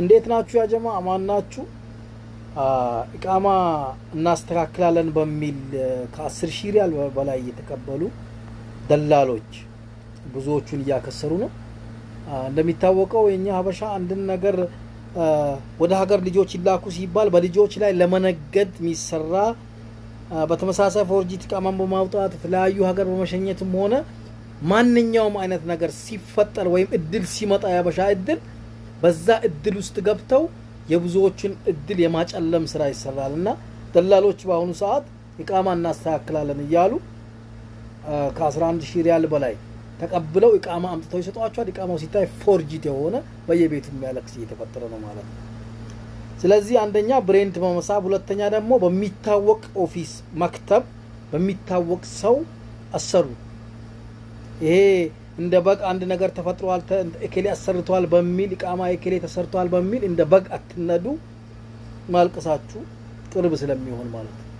እንዴት ናችሁ ያጀማ አማን ናችሁ? ኢቃማ እናስተካክላለን በሚል ከአስር ሺህ ሪያል በላይ የተቀበሉ ደላሎች ብዙዎቹን እያከሰሩ ነው። እንደሚታወቀው የኛ ሀበሻ አንድን ነገር ወደ ሀገር ልጆች ይላኩ ሲባል በልጆች ላይ ለመነገድ የሚሰራ በተመሳሳይ ፎርጂት ኢቃማን በማውጣት የተለያዩ ሀገር በመሸኘትም ሆነ ማንኛውም አይነት ነገር ሲፈጠር ወይም እድል ሲመጣ የሀበሻ እድል በዛ እድል ውስጥ ገብተው የብዙዎችን እድል የማጨለም ስራ ይሰራል እና ደላሎች በአሁኑ ሰዓት እቃማ እናስተካክላለን እያሉ ከ11 ሺህ ሪያል በላይ ተቀብለው እቃማ አምጥተው ይሰጧቸዋል። እቃማው ሲታይ ፎርጂት የሆነ በየቤቱ የሚያለክስ እየተፈጠረ ነው ማለት ነው። ስለዚህ አንደኛ ብሬንድ በመሳብ ሁለተኛ ደግሞ በሚታወቅ ኦፊስ መክተብ በሚታወቅ ሰው አሰሩ ይሄ እንደ በግ አንድ ነገር ተፈጥሯል፣ እኬሌ አሰርቷል በሚል ኢቃማ እከሌ ተሰርቷል በሚል እንደ በግ አትነዱ ማልቀሳችሁ ቅርብ ስለሚሆን ማለት ነው።